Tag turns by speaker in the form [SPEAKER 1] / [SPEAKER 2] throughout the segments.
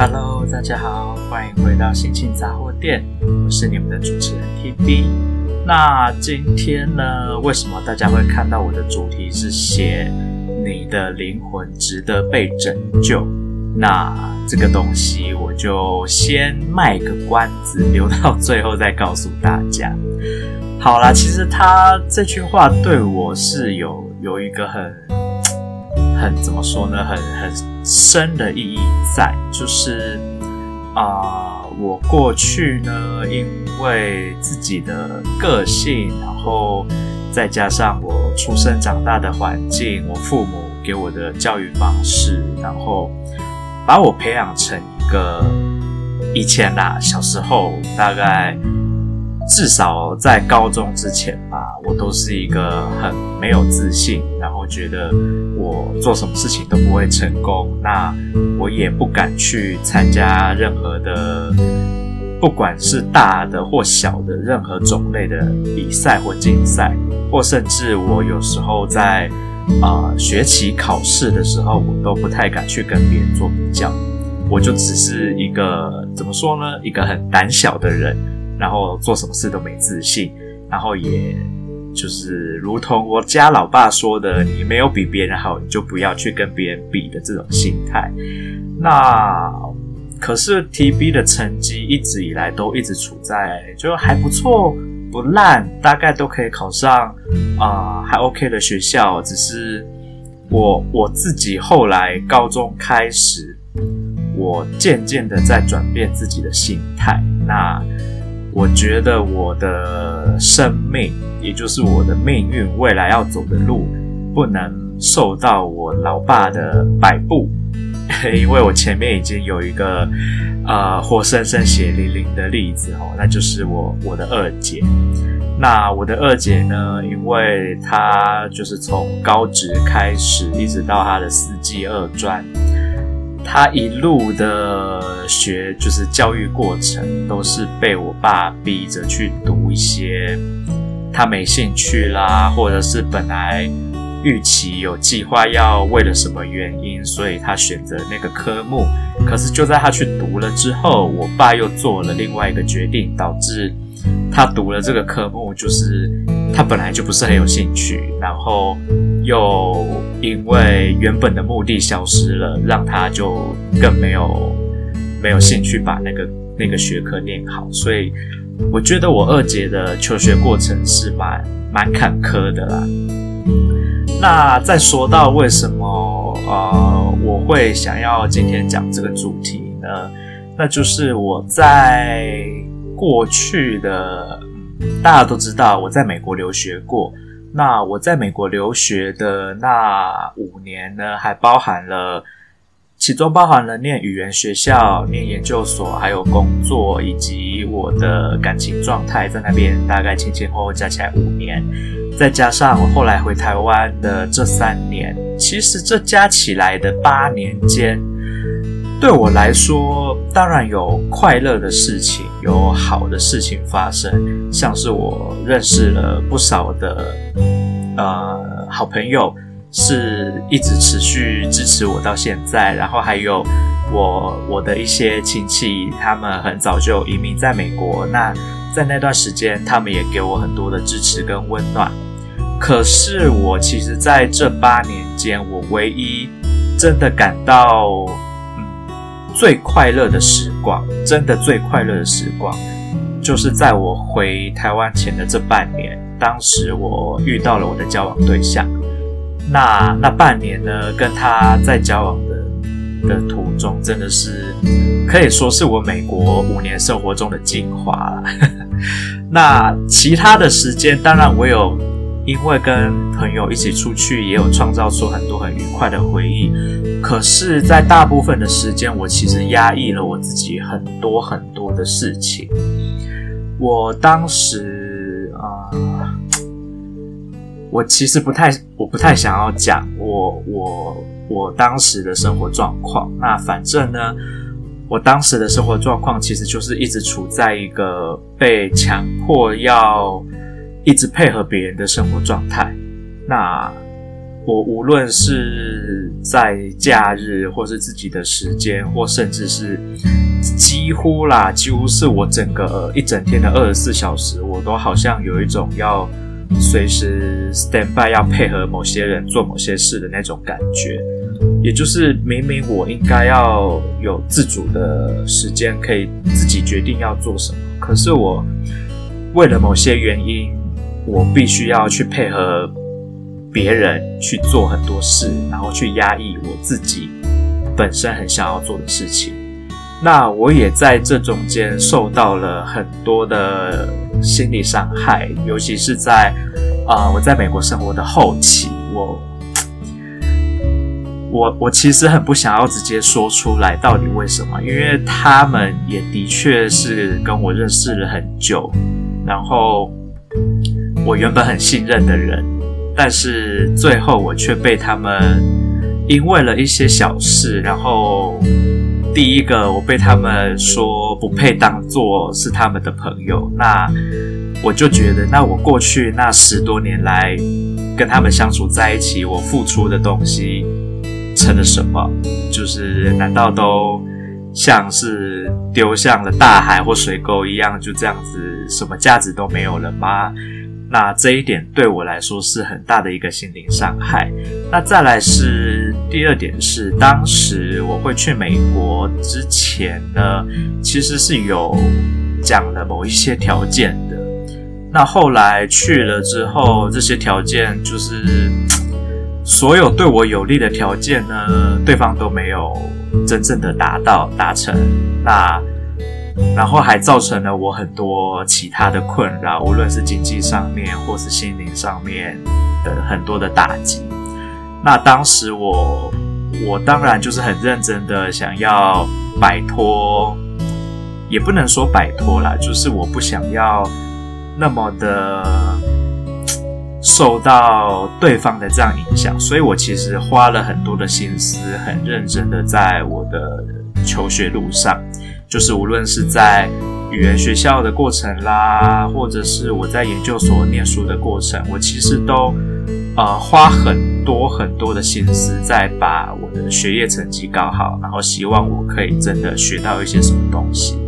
[SPEAKER 1] Hello，大家好，歡迎回到心情雜貨店，我是你們的主持人 TV。那今天呢，為什麼大家會看到我的主題是寫你的靈魂值得被拯救？那這個東西我就先賣個關子，留到最後再告訴大家。好啦，其實他這句話對我是有有一個很。很，怎麼說呢？很很深的意義在，就是啊、呃，我過去呢，因為自己的個性，然後再加上我出生長大的環境，我父母給我的教育方式，然後把我培養成一個以前啦，小時候大概。至少在高中之前吧，我都是一個很沒有自信，然後覺得我做什麼事情都不會成功。那我也不敢去參加任何的，不管是大的或小的任何種類的比賽或競賽，或甚至我有時候在啊、呃、學期考試的時候，我都不太敢去跟別人做比較。我就只是一個，怎麼說呢？一個很膽小的人。然後做什麼事都沒自信，然後也就是如同我家老爸說的：“你沒有比別人好，你就不要去跟別人比”的這種心態。那可是 T B 的成績一直以來都一直處在就還不錯，不爛，大概都可以考上啊、呃，還 OK 的學校。只是我我自己後來高中開始，我漸漸的在轉變自己的心態。那。我覺得我的生命，也就是我的命運，未來要走的路，不能受到我老爸的擺布， 因為我前面已經有一個，呃，活生生血淋淋的例子哦，那就是我我的二姐。那我的二姐呢，因為她就是從高職開始，一直到她的四技二專。他一路的學，就是教育過程，都是被我爸逼着去讀一些他沒興趣啦，或者是本來預期有計劃要為了什麼原因，所以他選擇那個科目。可是就在他去讀了之後，我爸又做了另外一個決定，導致他讀了這個科目就是。他本來就不是很有興趣，然後又因為原本的目的消失了，讓他就更沒有沒有興趣把那個那個學科念好。所以我覺得我二姐的求學過程是蠻蠻坎坷的啦。那再說到為什麼呃，我會想要今天講這個主題呢？那就是我在過去的。大家都知道我在美國留學過。那我在美國留學的那五年呢，還包含了其中包含了念語言學校、念研究所、還有工作以及我的感情狀態在那邊，大概前前後後加起來五年，再加上我後來回台灣的這三年，其實這加起來的八年間，對我來說，當然有快樂的事情，有好的事情發生。像是我認識了不少的呃好朋友，是一直持續支持我到現在。然後還有我我的一些親戚，他們很早就移民在美國。那在那段時間，他們也給我很多的支持跟溫暖。可是我其實在這八年間，我唯一真的感到，嗯，最快樂的時光，真的最快樂的時光。就是在我回台灣前的這半年，當時我遇到了我的交往對象。那那半年呢，跟他在交往的的途中，真的是可以說是我美國五年生活中的精華。 那其他的時間，當然我有因為跟朋友一起出去，也有創造出很多很愉快的回憶。可是，在大部分的時間，我其實壓抑了我自己很多很多的事情。我當時啊、呃，我其實不太，我不太想要講我我我當時的生活狀況。那反正呢，我當時的生活狀況其實就是一直處在一個被強迫要一直配合別人的生活狀態。那。我無論是在假日，或是自己的時間，或甚至是幾乎啦，幾乎是我整個一整天的二十四小時，我都好像有一種要隨時 stand by 要配合某些人做某些事的那種感覺。也就是明明我應該要有自主的時間，可以自己決定要做什麼，可是我為了某些原因，我必須要去配合。別人去做很多事，然後去壓抑我自己本身很想要做的事情。那我也在這中間受到了很多的心理傷害，尤其是在啊，呃，我在美國生活的後期，我我我其實很不想要直接說出來到底為什麼，因為他們也的確是跟我認識了很久，然後我原本很信任的人。但是最後，我卻被他們因為了一些小事，然後第一個我被他們說不配當做是他們的朋友。那我就覺得，那我過去那十多年來跟他們相處在一起，我付出的東西成了什麼？就是難道都像是丟向了大海或水溝一樣，就這樣子什麼價值都沒有了嗎？那這一點對我來說是很大的一個心靈傷害。那再來是第二點是，是當時我會去美國之前呢，其實是有講了某一些條件的。那後來去了之後，這些條件就是所有對我有利的條件呢，對方都沒有真正的達到達成。那。然後還造成了我很多其他的困擾，無論是經濟上面或是心靈上面的很多的打擊。那當時我，我當然就是很認真的想要擺脫，也不能說擺脫啦，就是我不想要那麼的受到對方的這樣影響。所以我其實花了很多的心思，很認真的在我的求學路上，就是無論是在語言學校的過程啦，或者是我在研究所念書的過程，我其實都呃花很多很多的心思在把我的學業成績搞好，然後希望我可以真的學到一些什麼東西。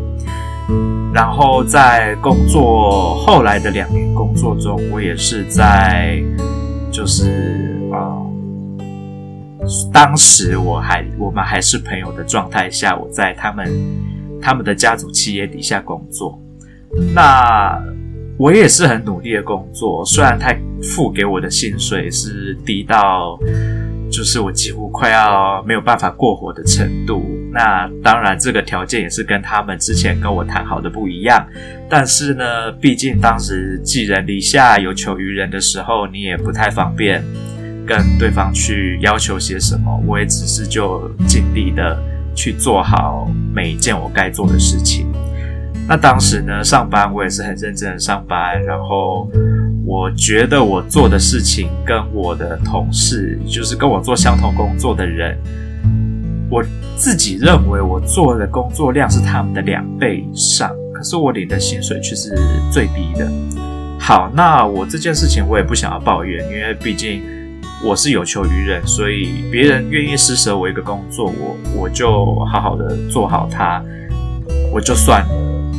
[SPEAKER 1] 然後在工作後來的兩年工作中，我也是在就是呃，當時我還我們還是朋友的狀態下，我在他們。他們的家族企業底下工作，那我也是很努力的工作，雖然他付給我的薪水是低到，就是我幾乎快要沒有辦法過活的程度。那當然，這個條件也是跟他們之前跟我談好的不一樣。但是呢，畢竟當時寄人籬下、有求於人的時候，你也不太方便跟對方去要求些什麼。我也只是就盡力的。去做好每一件我該做的事情。那當時呢，上班我也是很認真的上班，然後我覺得我做的事情跟我的同事，就是跟我做相同工作的人，我自己認為我做的工作量是他們的兩倍以上，可是我領的薪水卻是最低的。好，那我這件事情我也不想要抱怨，因為畢竟。我是有求於人，所以別人願意施舍我一個工作，我我就好好的做好它，我就算了。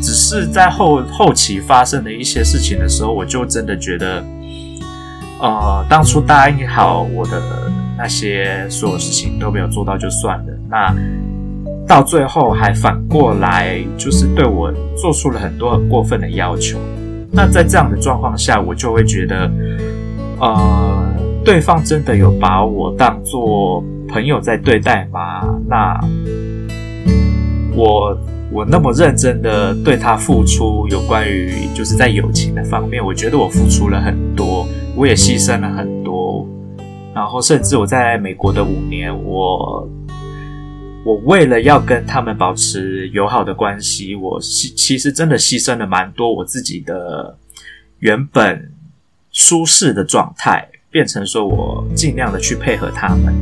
[SPEAKER 1] 只是在後後期發生的一些事情的時候，我就真的覺得，呃，當初答應好我的那些所有事情都沒有做到就算了。那到最後還反過來就是對我做出了很多很過分的要求。那在這樣的狀況下，我就會覺得，呃，對方真的有把我當做朋友在對待嗎？那我我那麼認真的對他付出，有關於就是在友情的方面，我覺得我付出了很多，我也犧牲了很多。然後，甚至我在美國的五年，我我為了要跟他們保持友好的關係，我犧其實真的犧牲了蠻多我自己的原本舒適的狀態。變成說我盡量的去配合他們，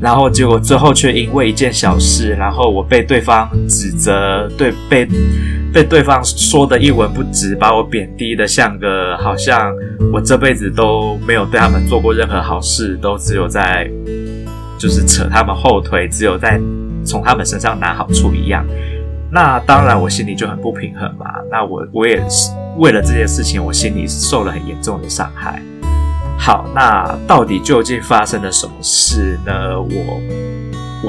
[SPEAKER 1] 然後結果最後卻因為一件小事，然後我被對方指責，對，被被對方說的一文不值，把我貶低的像個好像我這輩子都沒有對他們做過任何好事，都只有在就是扯他們後腿，只有在從他們身上拿好處一樣。那當然我心裡就很不平衡嘛。那我我也是為了這件事情，我心裡受了很嚴重的傷害。好，那到底究竟發生了什麼事呢？我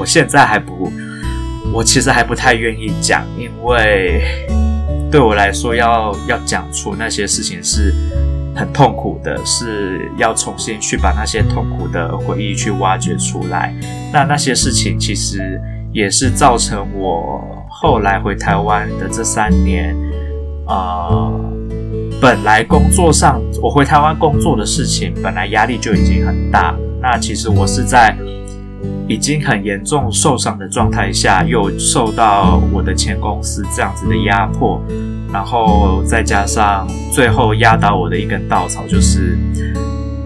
[SPEAKER 1] 我現在還不，我其實還不太願意講，因為對我來說要，要要講出那些事情是很痛苦的，是要重新去把那些痛苦的回憶去挖掘出來。那那些事情其實也是造成我後來回台灣的這三年啊。呃本來工作上，我回台灣工作的事情本來壓力就已經很大。那其實我是在已經很嚴重受傷的狀態下，又受到我的前公司這樣子的壓迫，然後再加上最後壓倒我的一根稻草，就是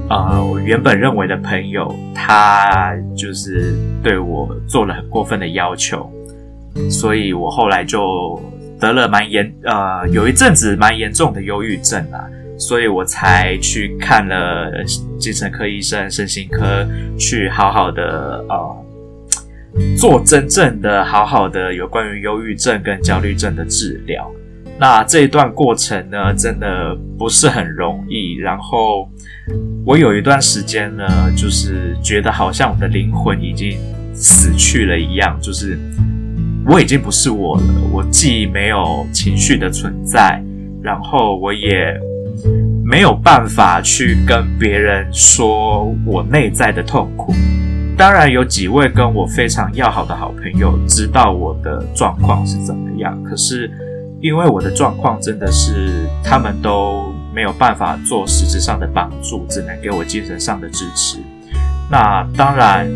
[SPEAKER 1] 呃，我原本認為的朋友，他就是對我做了很過分的要求。所以我後來就。得了蠻嚴，呃，有一陣子蠻嚴重的憂鬱症啊，所以我才去看了精神科醫生、身心科，去好好的，呃，做真正的、好好的有關於憂鬱症跟焦慮症的治療。那這一段過程呢，真的不是很容易。然後我有一段時間呢，就是覺得好像我的靈魂已經死去了一樣，就是。我已經不是我了，我既沒有情緒的存在，然後我也沒有辦法去跟別人說我內在的痛苦。當然有幾位跟我非常要好的好朋友知道我的狀況是怎麼樣，可是因為我的狀況真的是他們都沒有辦法做實質上的幫助，只能給我精神上的支持。那當然。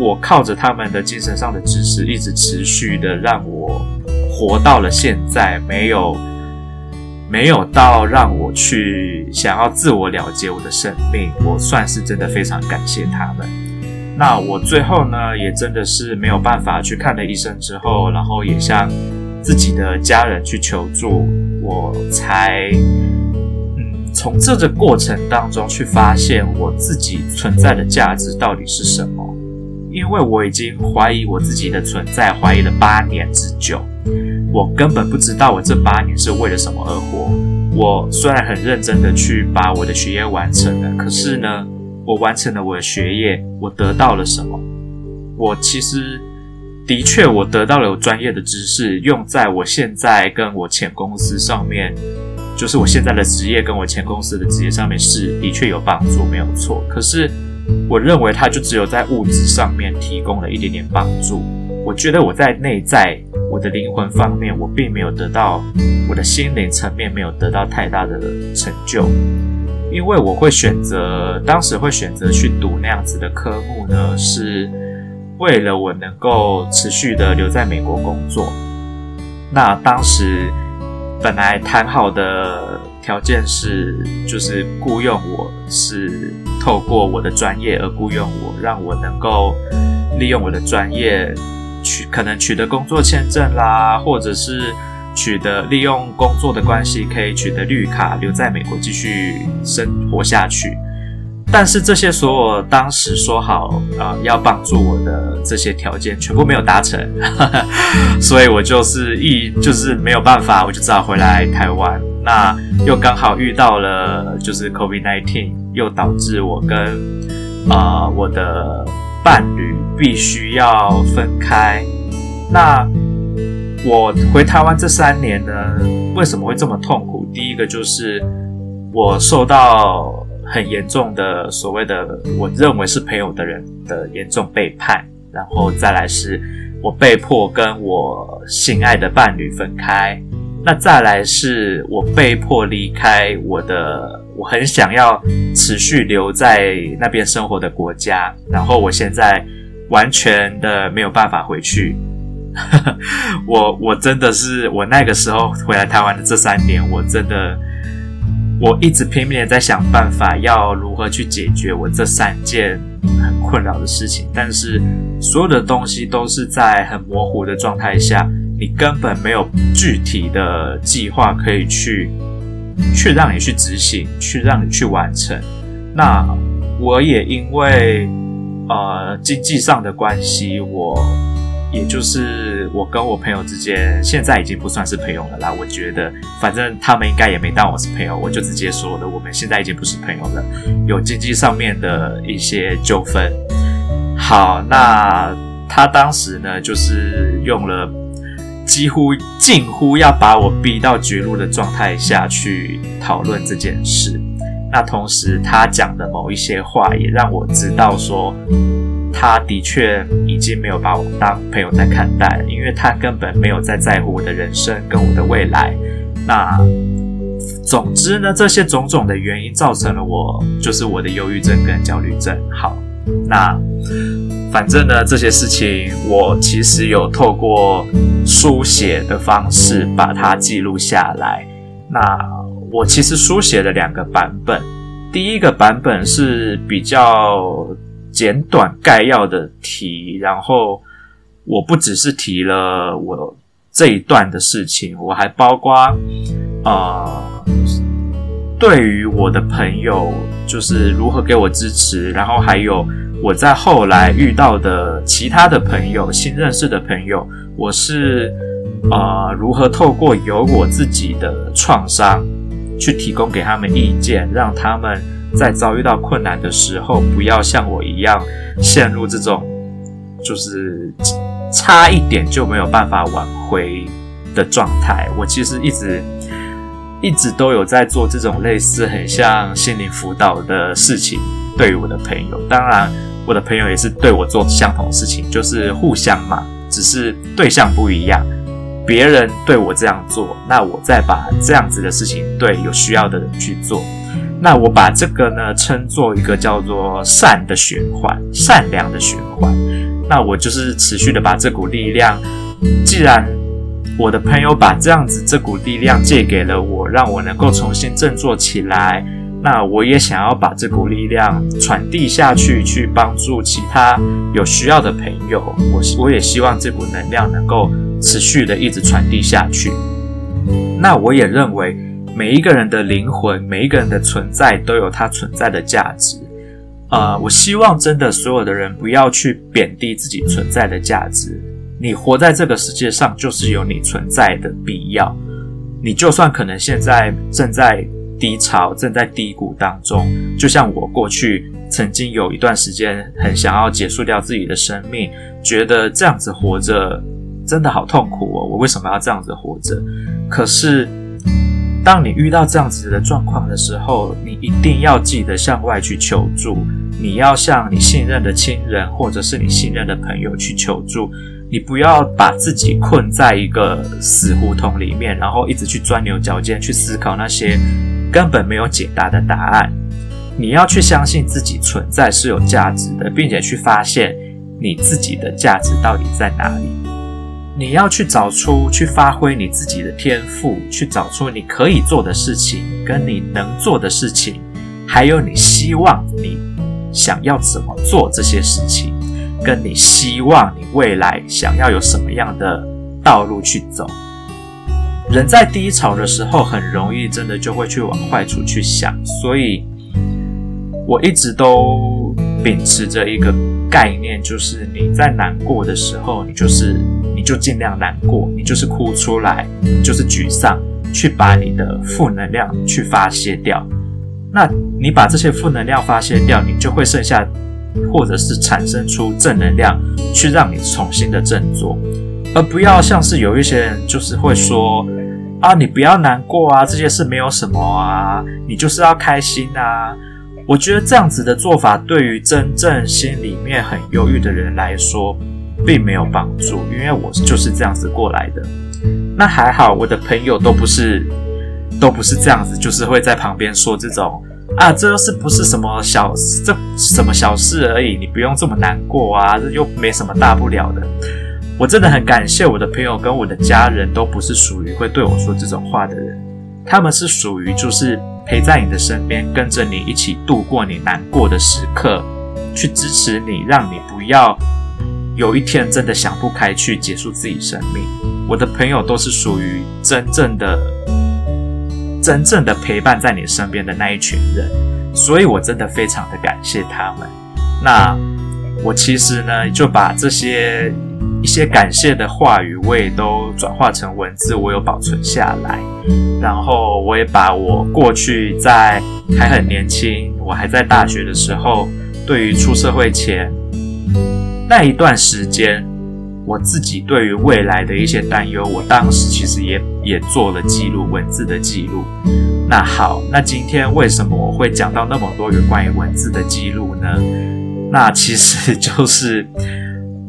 [SPEAKER 1] 我靠着他們的精神上的支持，一直持續的讓我活到了現在，沒有沒有到讓我去想要自我了結我的生命，我算是真的非常感謝他們。那我最後呢，也真的是沒有辦法去看了醫生之後，然後也向自己的家人去求助，我才嗯從這個過程當中去發現我自己存在的價值到底是什麼。因為我已經懷疑我自己的存在，懷疑了八年之久。我根本不知道我這八年是為了什麼而活。我雖然很認真的去把我的學業完成了，可是呢，我完成了我的學業，我得到了什麼？我其實的確，我得到了有專業的知識，用在我現在跟我前公司上面，就是我現在的職業跟我前公司的職業上面是的確有幫助，沒有錯。可是，我認為他就只有在物質上面提供了一點點幫助。我覺得我在內在，我的靈魂方面，我並沒有得到，我的心靈層面沒有得到太大的成就。因為我會選擇，當時會選擇去讀那樣子的科目呢，是為了我能夠持續的留在美國工作。那當時本來談好的。條件是，就是雇傭我，是透過我的專業而雇傭我，讓我能夠利用我的專業取可能取得工作簽證啦，或者是取得利用工作的關係可以取得綠卡，留在美國繼續生活下去。但是這些所有當時說好啊、呃、要幫助我的這些條件全部沒有達成呵呵，所以我就是一就是沒有辦法，我就只好回來台灣。那又剛好遇到了就是 COVID-19，又導致我跟啊、呃、我的伴侶必須要分開。那我回台灣這三年呢，為什麼會這麼痛苦？第一個就是我受到。很嚴重的所謂的，我認為是朋友的人的嚴重背叛，然後再來是我被迫跟我心愛的伴侶分開，那再來是我被迫離開我的，我很想要持續留在那邊生活的國家，然後我現在完全的沒有辦法回去， 我我真的是我那個時候回來台灣的這三年，我真的。我一直拼命地在想辦法，要如何去解決我這三件很困擾的事情。但是，所有的東西都是在很模糊的狀態下，你根本沒有具體的計劃可以去，去讓你去執行，去讓你去完成。那我也因為呃經濟上的關係，我。也就是我跟我朋友之間現在已經不算是朋友了啦。我覺得反正他們應該也沒當我是朋友，我就直接說了，我們現在已經不是朋友了，有經濟上面的一些糾紛。好，那他當時呢，就是用了幾乎近乎要把我逼到絕路的狀態下去討論這件事。那同時他講的某一些話也讓我知道說。他的確已經沒有把我當朋友在看待，因為他根本沒有在在乎我的人生跟我的未來。那總之呢，這些種種的原因造成了我就是我的憂鬱症跟焦慮症。好，那反正呢，這些事情我其實有透過書寫的方式把它記錄下來。那我其實書寫了兩個版本，第一個版本是比較，簡短概要的提，然後我不只是提了我這一段的事情，我還包括呃，對於我的朋友，就是如何給我支持，然後還有我在後來遇到的其他的朋友，新認識的朋友，我是啊、呃、如何透過有我自己的創傷去提供給他們意見，讓他們。在遭遇到困難的時候，不要像我一樣陷入這種就是差一點就沒有辦法挽回的狀態。我其實一直一直都有在做這種類似很像心靈輔導的事情，對於我的朋友。當然，我的朋友也是對我做相同的事情，就是互相嘛，只是對象不一樣。別人對我這樣做，那我再把這樣子的事情對有需要的人去做。那我把這個呢稱作一個叫做善的循環，善良的循環。那我就是持續的把這股力量，既然我的朋友把這樣子這股力量借給了我，讓我能夠重新振作起來，那我也想要把這股力量傳遞下去，去幫助其他有需要的朋友。我希我也希望這股能量能夠持續的一直傳遞下去。那我也認為。每一個人的靈魂，每一個人的存在，都有它存在的價值。啊、呃，我希望真的所有的人不要去貶低自己存在的價值。你活在這個世界上，就是有你存在的必要。你就算可能現在正在低潮、正在低谷當中，就像我過去曾經有一段時間很想要結束掉自己的生命，覺得這樣子活着真的好痛苦哦。我為什麼要這樣子活着？可是。當你遇到這樣子的狀況的時候，你一定要記得向外去求助。你要向你信任的親人，或者是你信任的朋友去求助。你不要把自己困在一個死胡同裡面，然後一直去鑽牛角尖，去思考那些根本沒有解答的答案。你要去相信自己存在是有價值的，並且去發現你自己的價值到底在哪裡。你要去找出，去發揮你自己的天賦，去找出你可以做的事情，跟你能做的事情，還有你希望你想要怎麼做這些事情，跟你希望你未來想要有什麼樣的道路去走。人在低潮的時候，很容易真的就會去往壞處去想，所以我一直都秉持着一個概念，就是你在難過的時候，你就是你就盡量難過，你就是哭出來，你就是沮喪，去把你的負能量去發洩掉。那你把這些負能量發洩掉，你就會剩下，或者是產生出正能量，去讓你重新的振作，而不要像是有一些人就是會說啊，你不要難過啊，這些事沒有什麼啊，你就是要開心啊。我覺得這樣子的做法，對於真正心裡面很憂鬱的人來說，並沒有幫助。因為我就是這樣子過來的。那還好，我的朋友都不是，都不是這樣子，就是會在旁邊說這種啊，這又是不是什麼小，這什麼小事而已，你不用這麼難過啊，這又沒什麼大不了的。我真的很感謝我的朋友跟我的家人，都不是屬於會對我說這種話的人。他們是屬於就是陪在你的身邊，跟着你一起度過你難過的時刻，去支持你，讓你不要有一天真的想不開去結束自己生命。我的朋友都是屬於真正的、真正的陪伴在你身邊的那一群人，所以我真的非常的感謝他們。那我其實呢就把這些。一些感謝的話語，我也都轉化成文字，我有保存下來。然後，我也把我過去在還很年輕，我還在大學的時候，對於出社會前那一段時間，我自己對於未來的一些擔憂，我當時其實也也做了記錄，文字的記錄。那好，那今天為什麼我會講到那麼多有關於文字的記錄呢？那其實就是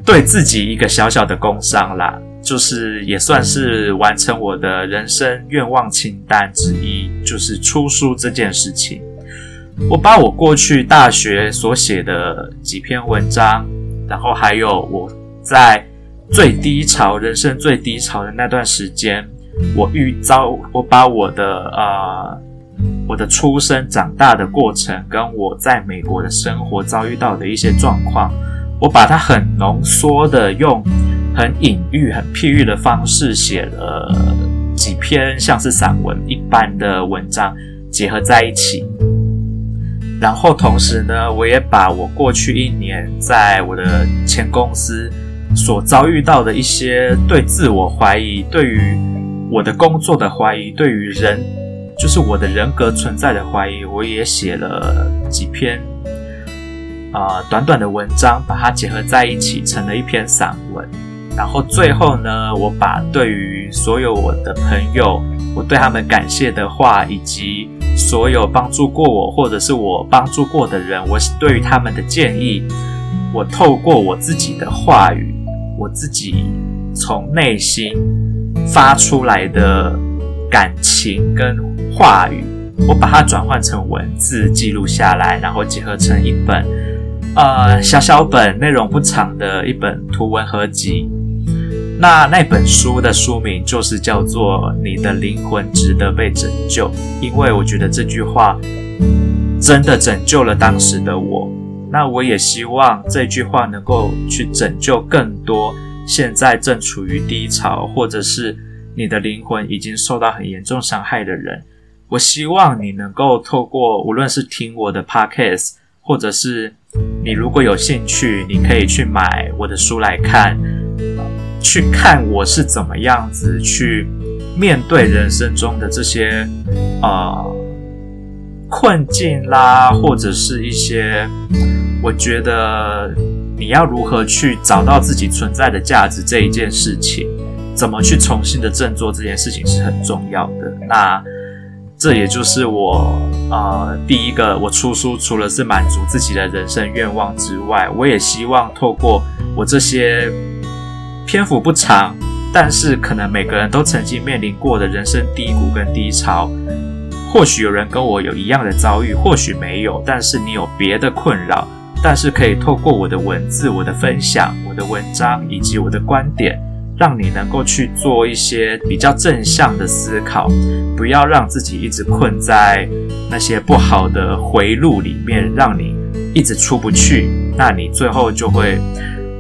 [SPEAKER 1] 對自己一個小小的工傷啦，就是也算是完成我的人生願望清單之一，就是出書這件事情。我把我過去大學所寫的幾篇文章，然後還有我在最低潮、人生最低潮的那段時間，我遇遭，我把我的啊、呃，我的出生長大的過程，跟我在美國的生活遭遇到的一些狀況。我把它很濃縮的，用很隱喻、很譬喻的方式寫了幾篇像是散文一般的文章，結合在一起。然後同時呢，我也把我過去一年在我的前公司所遭遇到的一些對自我懷疑、對於我的工作的懷疑、對於人，就是我的人格存在的懷疑，我也寫了幾篇。呃，短短的文章把它結合在一起成了一篇散文。然後最後呢，我把對於所有我的朋友，我對他們感謝的話，以及所有幫助過我或者是我幫助過的人，我對於他們的建議，我透過我自己的話語，我自己從內心發出來的感情跟話語，我把它轉換成文字記錄下來，然後結合成一本。呃，小小本內容不長的一本圖文合集。那那本書的書名就是叫做《你的靈魂值得被拯救》，因為我覺得這句話真的拯救了當時的我。那我也希望這句話能夠去拯救更多現在正處於低潮，或者是你的靈魂已經受到很嚴重傷害的人。我希望你能夠透過無論是聽我的 podcast。或者是你如果有興趣，你可以去買我的書來看，去看我是怎麼樣子去面對人生中的這些啊、呃、困境啦，或者是一些我覺得你要如何去找到自己存在的價值這一件事情，怎麼去重新的振作這件事情是很重要的。那。這也就是我，呃，第一個，我出書除了是滿足自己的人生願望之外，我也希望透過我這些篇幅不長，但是可能每個人都曾經面臨過的人生低谷跟低潮，或許有人跟我有一樣的遭遇，或許沒有，但是你有別的困擾，但是可以透過我的文字、我的分享、我的文章以及我的觀點。讓你能夠去做一些比較正向的思考，不要讓自己一直困在那些不好的回路裡面，讓你一直出不去。那你最後就會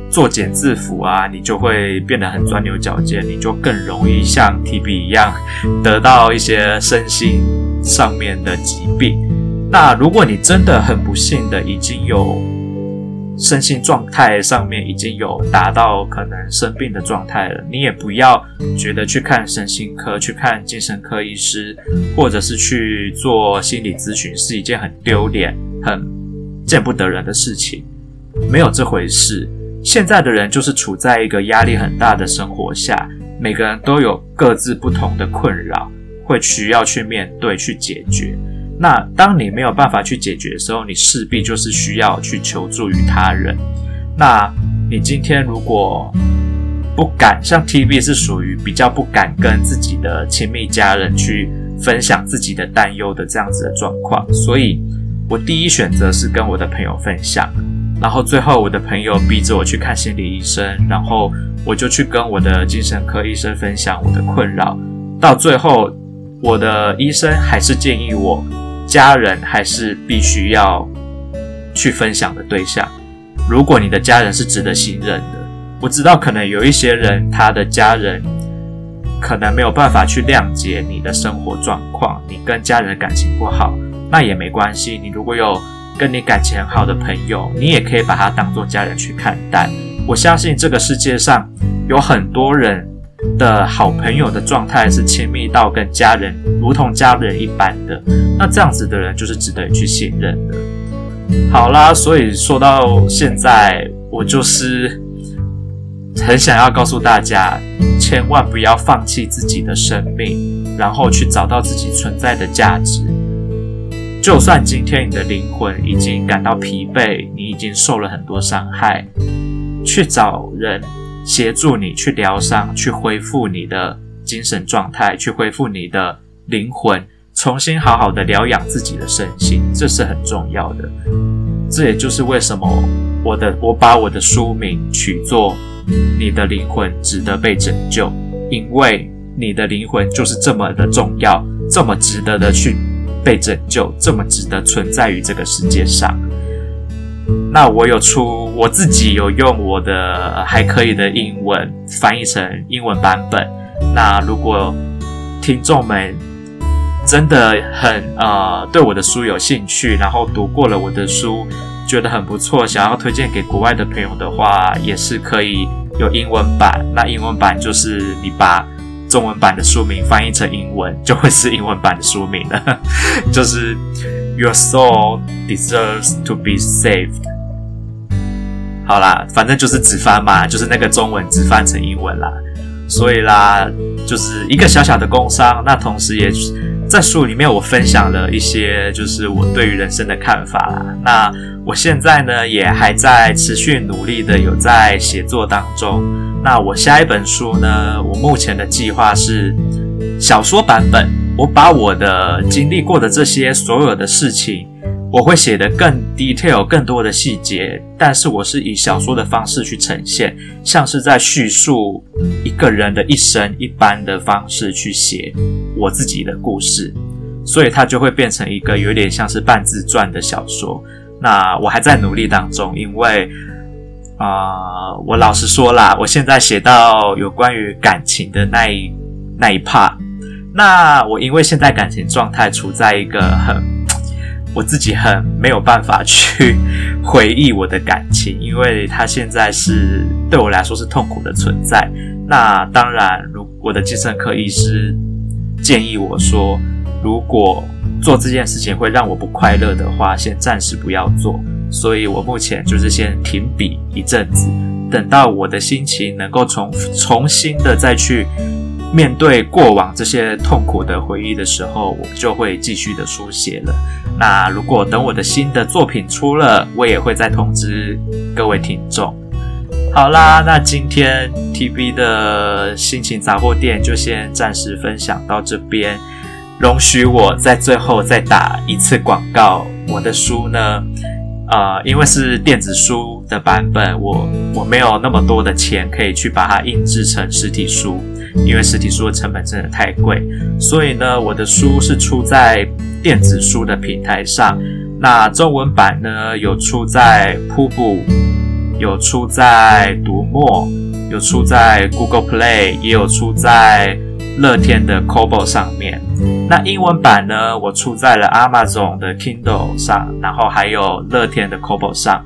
[SPEAKER 1] 作繭自縛啊，你就會變得很鑽牛角尖，你就更容易像 T B 一樣得到一些身心上面的疾病。那如果你真的很不幸的已經有。身心狀態上面已經有達到可能生病的狀態了，你也不要覺得去看身心科、去看精神科醫師，或者是去做心理諮詢是一件很丟臉、很見不得人的事情，沒有這回事。現在的人就是處在一個壓力很大的生活下，每個人都有各自不同的困擾，會需要去面對、去解決。那當你沒有辦法去解決的時候，你勢必就是需要去求助於他人。那你今天如果不敢，像 TV 是屬於比較不敢跟自己的親密家人去分享自己的擔憂的這樣子的狀況。所以，我第一選擇是跟我的朋友分享，然後最後我的朋友逼着我去看心理醫生，然後我就去跟我的精神科醫生分享我的困擾，到最後我的醫生還是建議我。家人還是必須要去分享的對象。如果你的家人是值得信任的，我知道可能有一些人他的家人可能沒有辦法去諒解你的生活狀況，你跟家人感情不好，那也沒關係。你如果有跟你感情很好的朋友，你也可以把他當做家人去看待。我相信這個世界上有很多人，的好朋友的狀態是親密到跟家人如同家人一般的，那這樣子的人就是值得去信任的。好啦，所以說到現在，我就是很想要告訴大家，千萬不要放棄自己的生命，然後去找到自己存在的價值。就算今天你的靈魂已經感到疲憊，你已經受了很多傷害，去找人。協助你去療傷，去恢復你的精神狀態，去恢復你的靈魂，重新好好的療養自己的身心，這是很重要的。這也就是為什麼我的，我把我的書名取作《你的靈魂值得被拯救》，因為你的靈魂就是這麼的重要，這麼值得的去被拯救，這麼值得存在於這個世界上。那我有出。我自己有用我的還可以的英文翻譯成英文版本。那如果聽眾們真的很呃，對我的書有興趣，然後讀過了我的書覺得很不錯，想要推薦給國外的朋友的話，也是可以有英文版。那英文版就是你把中文版的書名翻譯成英文，就會是英文版的書名了， 就是 Your soul deserves to be saved。好啦，反正就是直翻嘛，就是那個中文直翻成英文啦，所以啦，就是一個小小的工傷。那同時也在書裡面，我分享了一些就是我對於人生的看法啦。那我現在呢，也還在持續努力的有在寫作當中。那我下一本書呢，我目前的計劃是小說版本，我把我的經歷過的這些所有的事情。我會寫得更 detail，更多的細節，但是我是以小說的方式去呈現，像是在敘述一個人的一生一般的方式去寫我自己的故事，所以它就會變成一個有點像是半自傳的小說。那我還在努力當中，因為啊、呃，我老實說啦，我現在寫到有關於感情的那一那一 part，那我因為現在感情狀態處在一個很。我自己很沒有辦法去回憶我的感情，因為它現在是對我來說是痛苦的存在。那當然，如我的精神科醫師建議我說，如果做這件事情會讓我不快樂的話，先暫時不要做。所以我目前就是先停筆一陣子，等到我的心情能夠重重新的再去面對過往這些痛苦的回憶的時候，我就會繼續的書寫了。那如果等我的新的作品出了，我也會再通知各位聽眾。好啦，那今天 TV 的心情雜貨店就先暫時分享到這邊。容許我在最後再打一次廣告，我的書呢，呃，因為是電子書的版本，我我沒有那麼多的錢可以去把它印製成實體書。因為實體書的成本真的太貴，所以呢，我的書是出在電子書的平台上。那中文版呢，有出在瀑布，有出在讀墨，有出在 Google Play，也有出在樂天的 Kobo 上面。那英文版呢，我出在了 Amazon 的 Kindle 上，然後還有樂天的 Kobo 上。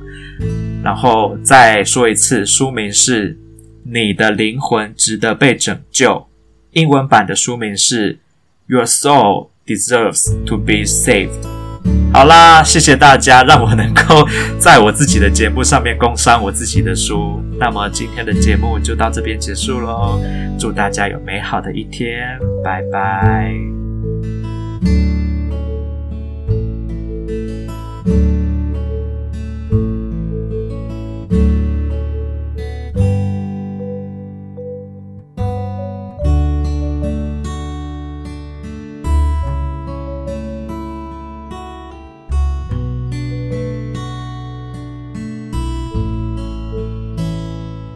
[SPEAKER 1] 然後再說一次，書名是。你的靈魂值得被拯救。英文版的書名是 Your Soul Deserves to Be Saved。好啦，謝謝大家，讓我能夠在我自己的節目上面工商我自己的書。那麼今天的節目就到這邊結束嘍，祝大家有美好的一天，拜拜。